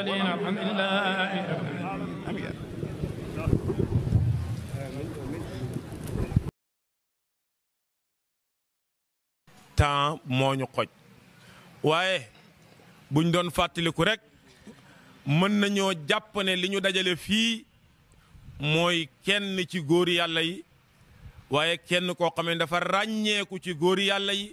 المرسلين mooñu xoj waaye buñ doon fàttaliku rek mën nañu jàpp li ñu dajale fii mooy kenn ci góor yàlla yi waaye kenn koo xam ne dafa ràññeeku ci góor yàlla yi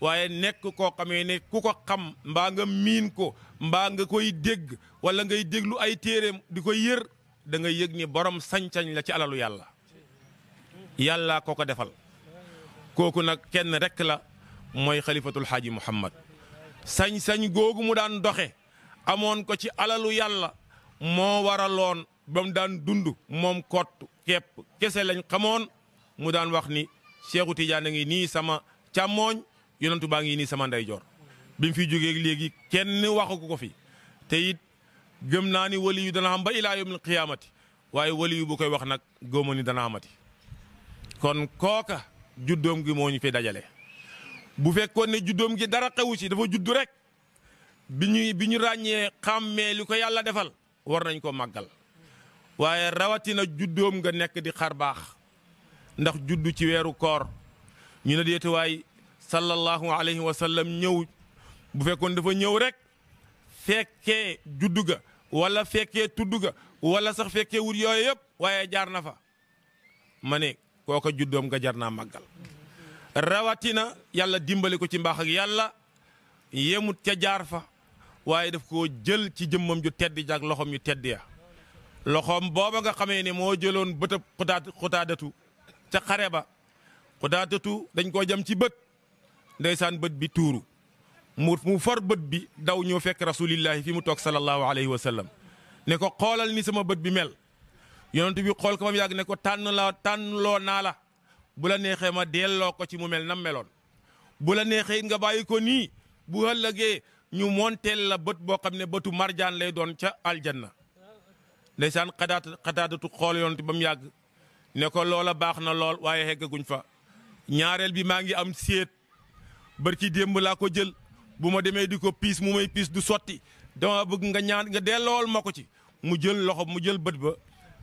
waaye nekk koo xamee ne ku ko xam mbaa nga miin ko mbaa nga koy dégg wala ngay déglu ay téeréem di ko yér da ngay yëg ni borom sañ-sañ la ci alalu yàlla yàlla ko ko defal kooku nag kenn rek la mooy xalifatul xaaji muhammad sañ-sañ googu mu daan doxe amoon ko ci alalu yàlla moo waraloon ba mu daan dund moom kott kepp kese lañ xamoon mu daan wax ni Seexu Tijaan a ngi nii sama càmmooñ yonantu baa ngi nii sama ndeyjoor bi mu fi jógee léegi kenn waxu ko fi te it gëm naa ni wali yu dana am ba ilaa yawmil qiyaamati waaye wali yu bu koy wax nag góoma ni dana amati kon kooka juddoom gi moo ñu fi dajale. bu fekkoon ne juddoom gi dara xewu ci dafa juddu rek bi ñuy bi ñu ràññee xàmmee li ko yàlla defal war nañ koo màggal waaye rawatina juddoom nga nekk di xar baax ndax juddu ci weeru koor ñu ne deetuwaay sallallahu alayhi wa sallam ñëw bu fekkoon dafa ñëw rek fekkee juddu walla wala fekkee tudd ga wala sax fekkee wut yooyu yëpp waaye jaar na fa ma ne kooka juddoom nga jar naa maggal rawatina yàlla dimbali ko ci mbaax ak yàlla yemut ca jaar fa waaye daf koo jël ci jëmmam ju tedd ji ak loxoom yu tedd ya loxoom booba nga xamee ne moo jëloon bëtëb xutaadatu ca xare ba xutaadatu dañ koo jam ci bët ndeysaan bët bi tuuru mu mu for bët bi daw ñëw fekk rasulillahi fi mu toog sallallahu alayhi wa sallam ne ko xoolal ni sama bët bi mel yonent bi xool ko ba mu yàgg ne ko tànn la tànnloo naa la bu la neexee ma delloo ko ci mu mel nam meloon bu la neexee nga bàyyi ko nii bu ëllëgee ñu monteel la bët boo xam ne bëtu marjaan lay doon ca aljanna ndeysaan xadaat xadaatatu xool yonent ba mu yàgg ne ko loola baax na lool waaye heggaguñ fa ñaareel bi maa ngi am séet bër ci démb laa ko jël bu ma demee di ko piis mu may piis du sotti dama bëgg nga ñaan nga dellool ma ko ci mu jël loxo mu jël bët ba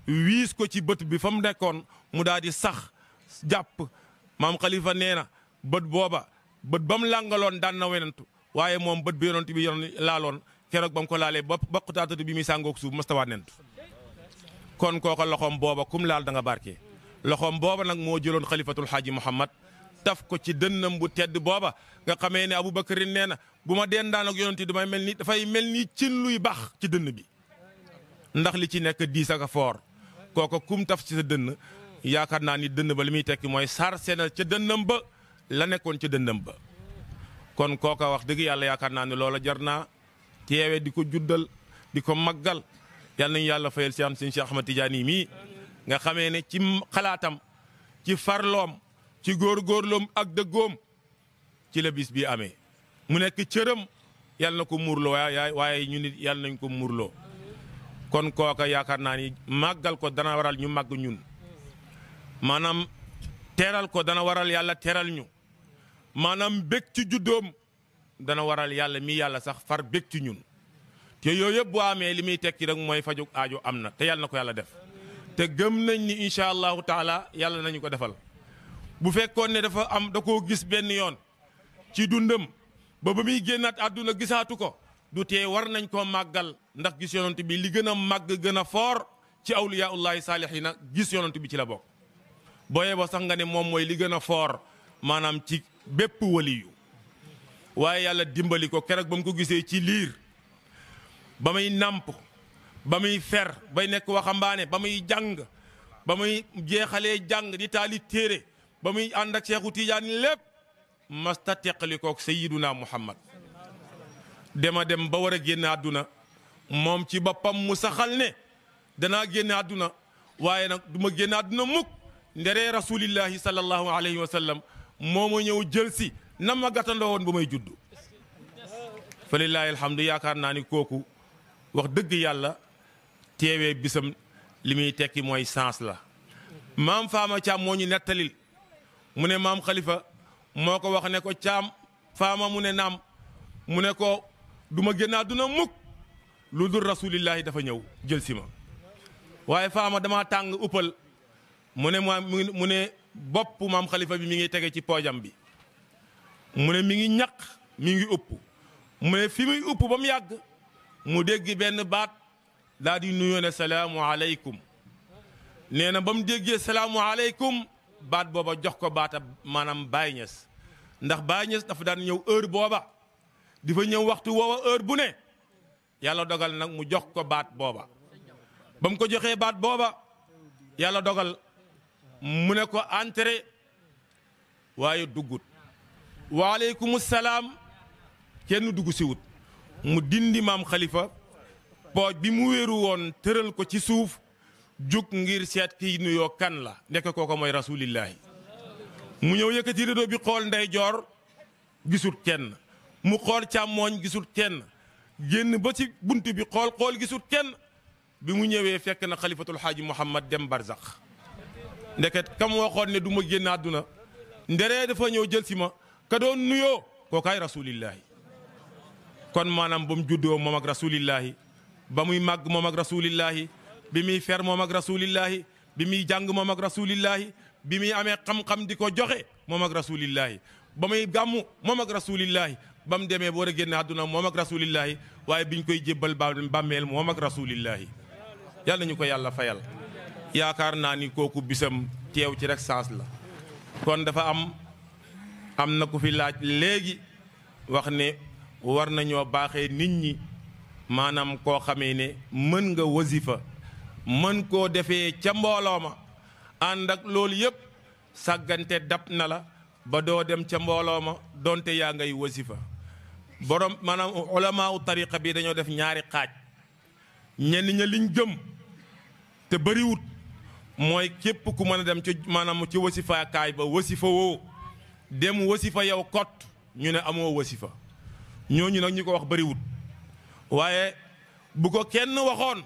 wiis ko ci bët bi fa mu nekkoon mu daal di sax jàpp maam xalifa nee na bët booba bët ba mu làngaloon daan na wenantu waaye moom bët bi yonent bi yoon laaloon keroog ba mu ko laalee ba bokkutaatatu bi muy sàngook suuf mastawaat nentu kon kooka loxoom booba kum laal da nga barke loxoom booba nag moo jëloon xalifatul xaaji muhammad taf ko ci dënnam bu tedd booba nga xamee ne Aboubacarin nee na bu ma deen daan ak yonent damay mel nii dafay mel ni cin luy baax ci dënn bi ndax li ci nekk diis ak foor kooka kum taf ci sa dënn yaakaar naa ni dënn ba li muy tekki mooy sarse na ca dënnam ba la nekkoon ca dënnam ba kon kooka wax dëgg yàlla yaakaar naa ne loola jar naa teewe di ko juddal di ko maggal yal nañu yàlla fayal si am seen Cheikh Ahmad mii nga xamee ne ci xalaatam ci farloom ci góor góorgóorloom ak dëggoom ci la bis bi amee mu nekk cëram yàlla na ko muurloo waaye waaye ñu nit yàlla nañ ko muurloo kon kooka yaakaar naa ni màggal ko dana waral ñu màgg ñun maanaam teeral ko dana waral yàlla teeral ñu maanaam bég ci juddoom dana waral yàlla mi yàlla sax far bég ci ñun te yooyu yëpp boo amee li muy tekki rek mooy fajug aajo am na te yàlla na ko yàlla def te gëm nañ ni incha allahu taala yàlla nañu ko defal bu fekkoon ne dafa am da koo gis benn yoon ci dundam ba ba muy génnaat àdduna gisaatu ko du tee war nañ koo màggal ndax gis yonent bi li gën a màgg gën a foor ci awliyaa ullahi saalihina gis yonent bi ci la bokk booyee ba sax nga ne moom mooy li gën a foor maanaam ci bépp waliyu waaye yàlla dimbali ko keroog ba mu ko gisee ci liir ba muy nàmp ba muy fer bay nekk waxambaane ba muy jàng ba muy jeexalee jàng di taali téere ba muy ànd ak Seexu Tijaan lépp masta teqalikook Sayyiduna Muhammad dema dem ba war a génn àdduna moom ci boppam mu saxal ne danaa génn àdduna waaye nag duma génn àdduna mukk nderee rasulillahi sallallahu alayhi wa sallam ñëw jël si na ma woon ba may juddu fa lillahi alhamdu yaakaar naa ni kooku wax dëgg yàlla teewee bisam li muy tekki mooy sens la maam faama càm moo ñu nettalil mu ne maam xalifa moo ko wax ne ko caam faama mu ne naam mu ne ko duma ma génn àdduna mukk lu dul rasulillahi dafa ñëw jël si ma waaye faama damaa tàng uppal mu ne maam mu ne bopp maam xalifa bi mi ngi tege ci poojam bi mu ne mi ngi ñaq mi ngi upp mu ne fi muy upp ba mu yàgg mu déggi benn baat daal di nuyoo ne salaamu aleykum nee na ba mu déggee salaamu aleykum baat booba jox ko baata maanaam Baye Niass ndax Baye Niass dafa daan ñëw heure booba di fa ñëw waxtu woowa heure bu ne yàlla dogal nag mu jox ko baat booba ba mu ko joxee baat booba yàlla dogal mu ne ko entré waaye duggut waaleykum salaam kenn dugg siwut mu dindi maam xalifa pooj bi mu wéeru woon tëral ko ci suuf jug ngir seet kii nuyoo kan la ndekk kooko mooy rasulillahi mu ñëw yëkkati rido bi xool ndeyjoor gisut kenn mu xool càmmooñ gisut kenn génn ba ci bunt bi xool xool gisut kenn bi mu ñëwee fekk na xalifatul xaaji muhammad dem barzax ndeket kam waxoon ne du ma génn àdduna nderee dafa ñëw jël si ma ka nuyoo kookaay rasulillahi kon maanaam ba mu juddoo moom ak ba muy màgg moom ak rasulillahi bi muy fer moom ak rasulillahi bi muy jàng moom ak rasulillahi bi muy amee xam-xam di ko joxe moom ak rasulillahi ba muy gàmmu moom ak rasulillahi ba mu demee boor a génn àdduna moom ak rasulillahi waaye biñ koy jébbal bàmmeel moom ak rasulillahi yàlla ñu ko yàlla fayal yaakaar naa ni kooku bisam teew ci rek sens la kon dafa am am na ku fi laaj léegi wax ne war nañoo baaxee nit ñi maanaam koo xamee ne mën nga wasifa mën koo defee ca mbooloo ma ànd ak loolu yépp sàggante dab na la ba doo dem ca mbooloo ma donte yaa ngay wasifa borom maanaam ulamaawu tariqa bi dañoo def ñaari xaaj ñenn ña liñ gëm te bëriwut mooy képp ku mën a dem ci maanaam ci wasifaakaay ba wasifa woo dem wasifa yow kot ñu ne amoo wasifa ñooñu nag ñu ko wax bëriwut waaye bu ko kenn waxoon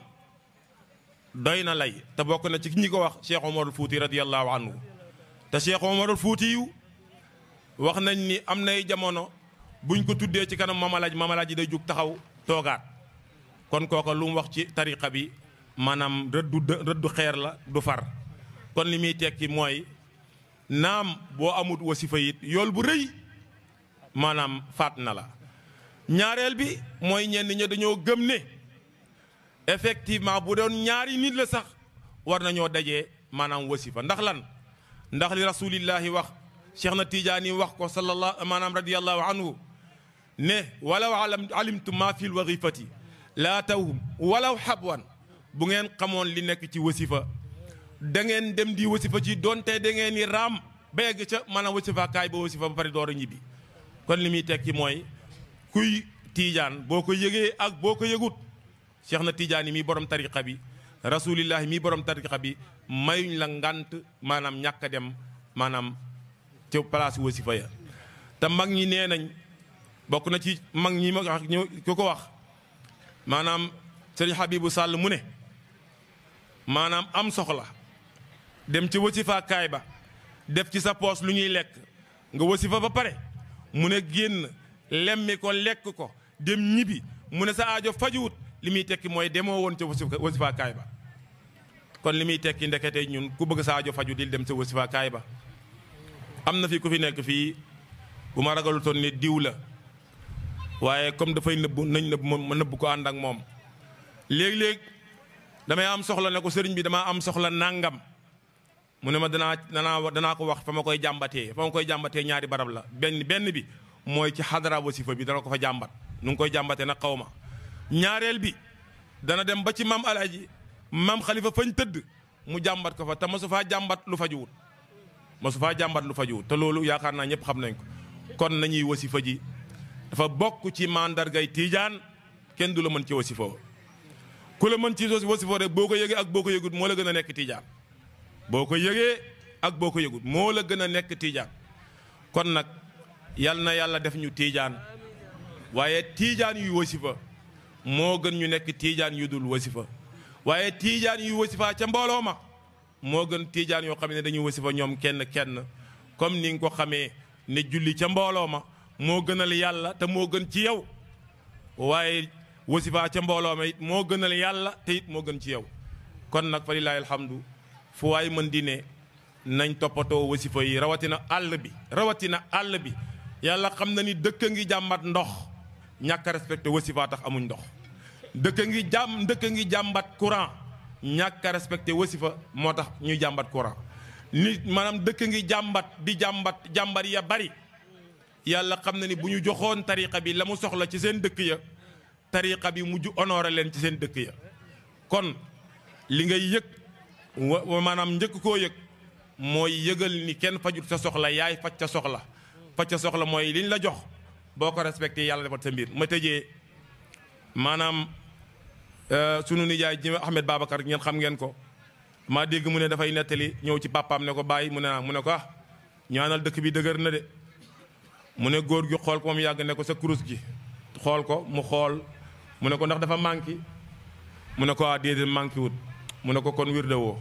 doy na lay te bokk na ci ñi ko wax Cheikh Omarul Fouti radiyallahu anhu te Cheikh Omarul Fouti wax nañ ni am nay jamono buñ ko tuddee ci kanam mamalaaj mamalaaj yi day jóg taxaw toogaat kon kooka lu mu wax ci tariqa bi maanaam rëddu rëddu xeer la du far kon li muy tekki mooy naam boo amut wasifa it yool bu rëy maanaam faat na la ñaareel bi mooy ñenn ña dañoo gëm ne effectivement bu doon ñaari nit la sax war nañoo dajee maanaam wasifa ndax lan ndax li rasulillahi wax cheikh na tijaani wax ko sallallahu maanaam radiallahu anhu ne walaw alimtu ma fil wazifati laa tawhum xab wan bu ngeen xamoon li nekk ci wasifa da ngeen dem di wasifa ci donte da ngeen ni raam ba yegg ca maanaam wasifa kaay ba wasifa ba pare doo a bi kon li muy tekki mooy kuy tiijaan boo ko yëgee ak boo ko yëgut Cheikh na Tidiane mi borom tariqa bi rasulillahi mii borom tariqa bi mayuñ la ngant maanaam ñàkk a dem maanaam ca place wasifa ya te mag ñi nee nañ bokk na ci mag ñi ma wax ku ko wax maanaam sëriñ Habibu Sàll mu ne maanaam am soxla dem ci wasifa ba def ci sa poos lu ñuy lekk nga wasifa ba pare mu ne génn lemmi ko lekk ko dem ñibbi mu ne sa aajo fajuwut li muy tekki mooy demoo woon ca wasifa kaay ba kon li muy tekki ndekete ñun ku bëgg saajo faju di dem sa wasifa kaay ba am na fi ku fi nekk fii bu ma ragalutoon ne diw la waaye comme dafay nëbbu nañ nëbb ma nëbb ko ànd ak moom léeg-léeg damay am soxla ne ko sëriñ bi damaa am soxla nàngam mu ne ma danaa danaa danaa ko wax fa ma koy jàmbatee fa ma koy jàmbatee ñaari barab la benn benn bi mooy ci xadara wasifa bi dana ko fa jàmbat nu ngi koy jàmbatee nag xaw ma ñaareel bi dana dem ba ci maam alaaji maam xalifa fañ tëdd mu jàmbat ko fa te mosu faa jàmbat lu fajuwut mosu faa jàmbat lu fajuwut te loolu yaakaar naa ñëpp xam nañ ko kon nañuy wasifa ji dafa bokk ci mandargay tiijaan kenn du la mën ci wasifoo ku la mën ci wasifoo rek boo ko yëgee ak boo ko yëgut moo la gën a nekk tiijaan boo ko yëgee ak boo ko yëgut moo la gën a nekk tiijaan kon nag yal na yàlla def ñu tiijaan waaye tiijaan yuy wasifa moo gën ñu nekk tiijaan yu dul wasifa waaye tiijaan yu wasifa ca mbooloo ma moo gën tiijaan yoo xam ne dañuy wasifa ñoom kenn kenn comme ni nga ko xamee ne julli ca mbooloo ma moo gënal yàlla te moo gën ci yow waaye wasifa ca mbooloo ma moo gënal yàlla te moo gën ci yow kon nag fa lillaahi alhamdu fu waay mën di ne nañ toppatoo wasifa yi rawatina àll bi rawatina àll bi yàlla xam na ni dëkk a ngi jàmbat ndox ñàkk a respecté wasifa tax amuñ ndox dëkk ngi jàmm dëkk ngi jàmbat courant ñàkk a respecté wasifa moo tax ñuy jàmbat courant nit maanaam dëkk ngi jàmbat di jàmbat jàmbar ya bari yàlla xam na ni bu ñu joxoon tariqa bi la mu soxla ci seen dëkk ya tariqa bi mujj honoré leen ci seen dëkk ya kon li ngay yëg wa maanaam njëkk koo yëg mooy yëgal ni kenn fajut sa soxla yaay faj sa soxla faj sa soxla mooy liñ la jox boo ko respecté yàlla defal sa mbir ma tëjee maanaam euh, sunu nijaay ji Ahmed Babacar ngeen xam ngeen ko maa dégg mu ne dafay nettali ñëw ci papaam ne ko bàyyi mu ne mu ne ko ah ñaanal dëkk bi dëgër na de mu ne góor gi xool ko moom yàgg ne ko sa kurus gi xool ko mu xool mu ne ko ndax dafa manqué mu ne ko ah déedéet manqué wut mu ne ko kon wir de woo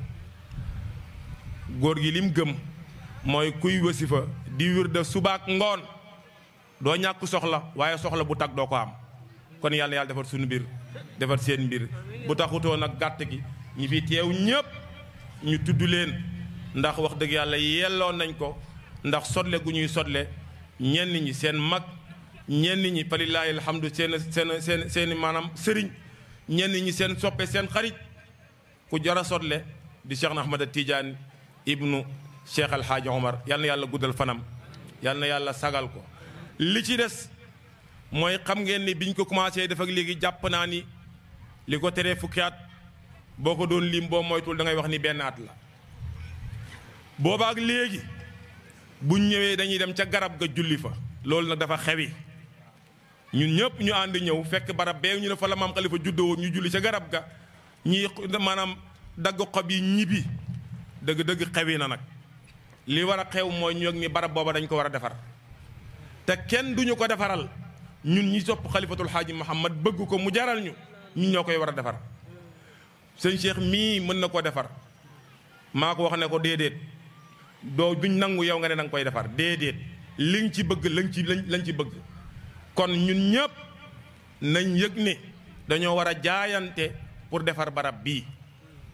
góor gi lim gëm mooy kuy wasifa di wir de subaak ngoon doo ñàkk soxla waaye soxla bu tag doo ko am kon yàlla yàlla defar suñu mbir defar seen mbir bu taxutoo nag gàtt gi ñi fi teew ñépp ñu tudd leen ndax wax dëgg yàlla yelloon nañ ko ndax sotle gu ñuy sotle ñenn ñi seen mag ñenn ñi falilaahi alhamdu seen seen seen seen maanaam sëriñ ñenn ñi seen soppe seen xarit ku jar a sotle di Cheikh na Ahmada Tidiane ibnu Cheikh Alhaaji Omar yàlla na yàlla guddal fanam yàlla na yàlla sagal ko li ci des mooy xam ngeen ni biñ ko commencé def ak léegi jàpp naa ni li ko teree fukki at boo ko doon lim boo moytul da ngay wax ni benn at la booba ak léegi buñ ñëwee dañuy dem ca garab ga julli fa loolu nag dafa xewi ñun ñëpp ñu ànd ñëw fekk barab bee ñu ne fa la maam xalifa juddoo ñu julli ca garab ga ñi maanaam dagg xob yi ñibbi dëgg-dëgg xewi na nag li war a xew mooy ñu ni barab booba dañ ko war a defar te kenn duñu ko defaral ñun ñi topp xalifatul xaaji Muhammad bëgg ko mu jaral ñu ñu ñoo koy war a defar sëñ Cheikh mii mën na koo defar maa ko wax ne ko déedéet doo duñ nangu yow nga ne danga koy defar déedéet li nga ci bëgg lañ ci lañ ci bëgg kon ñun ñëpp nañ yëg ne dañoo war a jaayante pour defar barab bii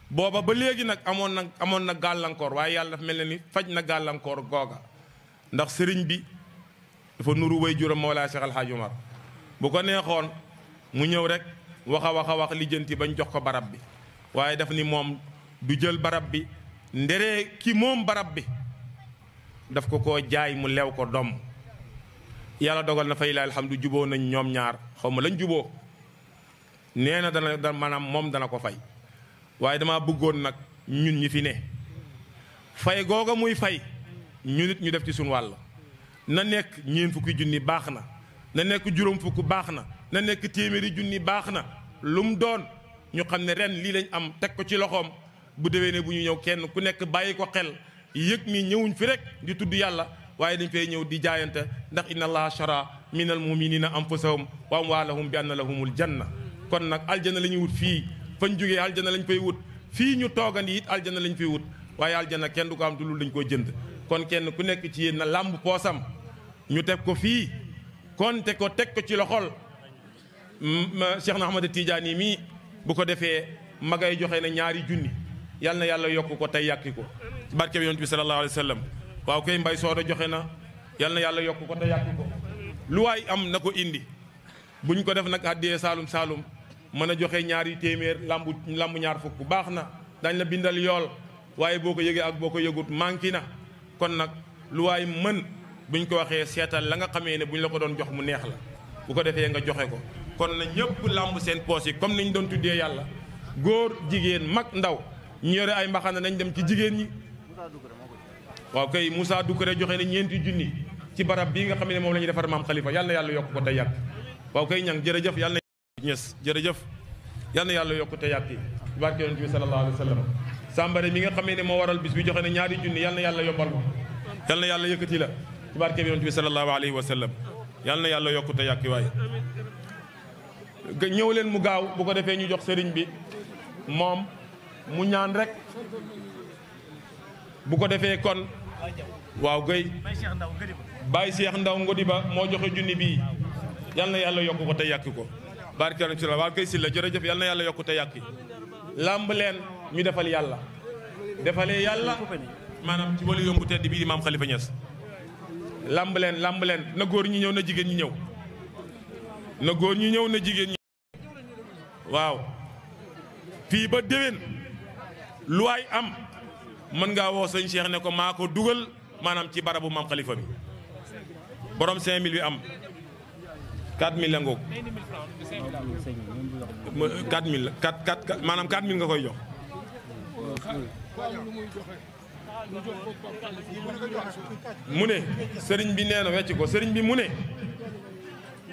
booba ba léegi nag amoon na amoon na gàllankoor waaye yàlla dafa mel na ni faj na gàllankoor googa ndax sëriñ bi dafa nuru way juróom Mawlaa Cheikh Al Hadj Omar bu ko neexoon mu ñëw rek wax a wax a wax lijjanti bañ jox ko barab bi waaye daf ni moom du jël barab bi ndere ki moom barab bi daf ko koo jaay mu lew ko doom yàlla dogal na fa ilaa du juboo nañ ñoom ñaar xaw ma lañ juboo nee na dana da maanaam moom dana ko fay waaye dama bëggoon nag ñun ñi fi ne fay googa muy fay ñun ñu def ci suñu wàll na nekk ñeent fukki junni baax na na nekk juróom fukk baax na na nekk téeméeri junni baax na lu mu doon ñu xam ne ren lii lañ am teg ko ci loxoom bu déwénee bu ñu ñëw kenn ku nekk bàyyi ko xel yëg mi ñëwuñ fi rek di tudd yàlla waaye dañ fay ñëw di jaayante ndax laa miinal inna allaha shara min al muminina anfusahum wa amwalahum bi anna jan na kon nag aljana la ñuy wut fii fañ jógee aljana lañ fay wut fii ñu toogandi it aljana lañ fay wut waaye aljana kenn du ko am du lu dañ jënd kon kenn ku nekk ci yéen na làmb poosam ñu teg ko fii konte ko teg ko ci loxol Cheikh na Ahmad Tidiane mii bu ko defee magay joxe na ñaari junni yal na yàlla yokk ko tey yàkki ko ci barke bi yonent bi sallallahu alayhi waaw koy mbay soodo joxe na yal na yàlla yokk ko tey yàkki ko lu waay am na ko indi buñ ko def nag àddiyee saalum saalum mën a joxe ñaari téeméer lambu lambu ñaar fukk baax na dañ la bindal yool waaye boo ko yëgee ak boo ko yëgut manqué na kon nag lu waay mën buñ ko waxee seetal la nga xamee ne buñ la ko doon jox mu neex la bu ko defee nga joxe ko kon na ñëpp làmb seen poos yi comme ñu doon tuddee yàlla góor jigéen mag ndaw ñu yore ay mbaxana nañ dem ci jigéen ñi waaw kay Moussa Doucouré joxe na ñeenti junni ci barab bii nga xam ne moom la ñuy defar maam Khalifa yal na yàlla yokk ko te yàgg waaw kay ñang jërëjëf yàlla na ñes jërëjëf yal na yàlla yokk te yàgg ci barke yonent bi sallallahu alayhi wa sallam sàmbare nga xamee ne moo waral bis bi joxe na ñaari junni yal yàlla yombal ko yal na yàlla yëkkati la ci barke bi yonent bi sallallahu alayhi wa sallam yàlla na yàlla yokkute yàkki waay ñëw leen mu gaaw bu ko defee ñu jox sëriñ bi moom mu ñaan rek bu ko defee kon waaw gëy Baye Cheikh Ndaw Ngodiba moo joxe junni bii yal na yàlla yokk ko te yàkki ko barke yonent bi sallallahu waaw gëy si la jërëjëf yal na yàlla yokku te yàkki làmb leen ñu defal yàlla defalee yàlla maanaam ci wàllu yombu tedd bii di maam Khalifa Niass làmb leen na góor ñi ñëw na jigéen ñu ñëw na góor ñi ñëw na jigéen ñi waaw fii ba déwén lu waay am mën nga woo sëñ Cheikh ne ko maa ko dugal maanaam ci barabu maam xalifa mi borom 5000 bi am 4000 la ngoog 4000 la 4 4 maanaam 4000 nga koy jox. mu ne sëriñ bi nee na wecc ko sëriñ bi mu ne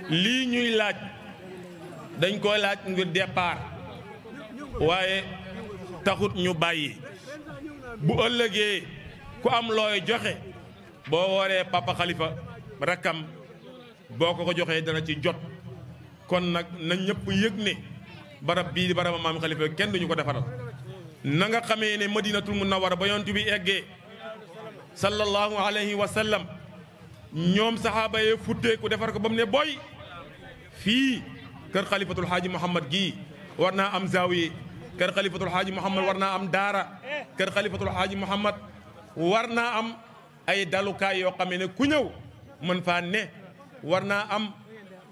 lii ñuy laaj dañ koy laaj ngir départ waaye taxut ñu bàyyi bu ëllëgee ku am looy joxe boo wooree papa xalifa rakkam boo ko ko joxee dana ci jot kon nag na ñëpp yëg ne barab bii di baraba maam xalifa kenn duñu ko defaral na nga xamee ne ma na war ba yonent bi eggee sallallahu alayhi wa sallam ñoom saxaaba yee futteeku defar ko ba mu ne boy fii kër xalifatul xaaji muhammad gii war naa am zaawiye kër xalifatul xaaji muhammad war naa am daara kër xalifatul xaaji muhammad war naa am ay dalukaay yoo xam ne ku ñëw mën fa ne war naa am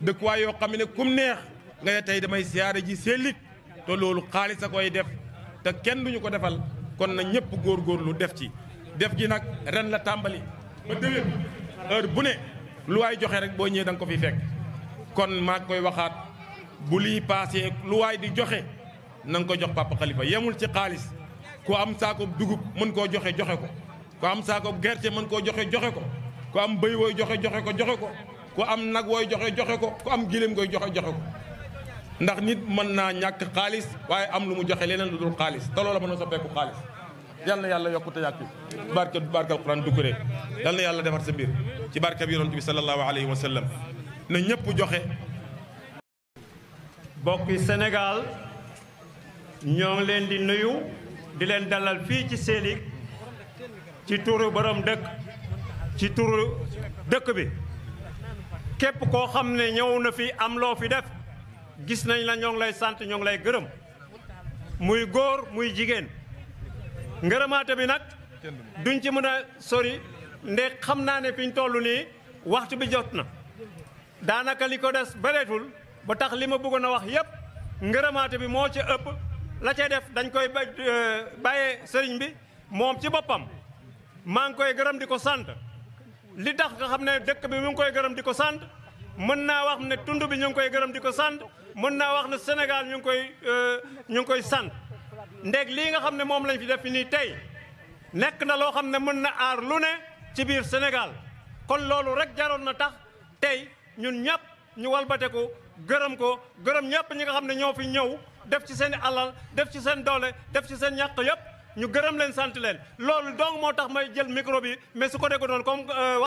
dëkkuwaay yoo xam ne kum neex nga ne tey damay siyaare ji sellit te loolu xaalis a koy def te kenn duñu ko defal kon na ñëpp góorgóorlu def ci def ji nag ren la tàmbali ma déwén heure bu ne lu waay joxe rek boo ñëwee da nga ko fi fekk kon maa koy waxaat bu lii paasee lu waay di joxe na ko jox Papa Khalifa yemul ci xaalis ku am saakoob dugub mën koo joxe joxe ko ku am saakoob gerte mën koo joxe joxe ko ku am bëy wooy joxe joxe ko joxe ko ku am nag wooy joxe joxe ko ku am giléem koy joxe joxe ko ndax nit mën naa ñàkk xaalis waaye am lu mu joxe leen lu dul xaalis te loola mën a soppeeku xaalis yal na yàlla yokku te yàkki barke barke alquran du kuré yal na yàlla defar sa mbir ci barke bi yonent bi sallallahu alayhi wa sallam na ñëpp joxe bokki senegal ñoo leen di nuyu di leen dalal fii ci Sélig ci turu borom dëkk ci turu dëkk bi képp koo xam ne ñëw na fi am loo fi def gis nañ la ñoom lay sant ñoo ngi lay gërëm muy góor muy jigéen ngërëmaate bi nag duñ ci mën a sori nde xam naa ne fiñ ñu toll nii waxtu bi jot na daanaka li ko des bëreetul ba tax li ma bëggoon a wax yépp ngërëmaate bi moo ci ëpp la cee def dañ koy euh, bàyyee sëriñ bi moom ci boppam maa ngi koy gërëm di ko sant li tax nga xam ne dëkk bi mu koy gërëm di ko sant mën naa wax ne tund bi ñu ngi koy gërëm di ko sant mën naa wax ne Sénégal ñu ngi koy euh, ñu ngi koy sant ndeg lii nga xam ne moom lañ fi def nii tey nekk na loo xam ne mën na aar lu ne ci biir Sénégal kon loolu rek jaroon na tax tey ñun ñëpp ñu walbate ko gërëm ko gërëm ñëpp ñi nga xam ne ñoo fi ñëw def ci seen alal def ci seen doole def ci seen ñàq yëpp ñu gërëm leen sant leen loolu donc moo tax may jël micro bi mais su ko déggoon comme euh,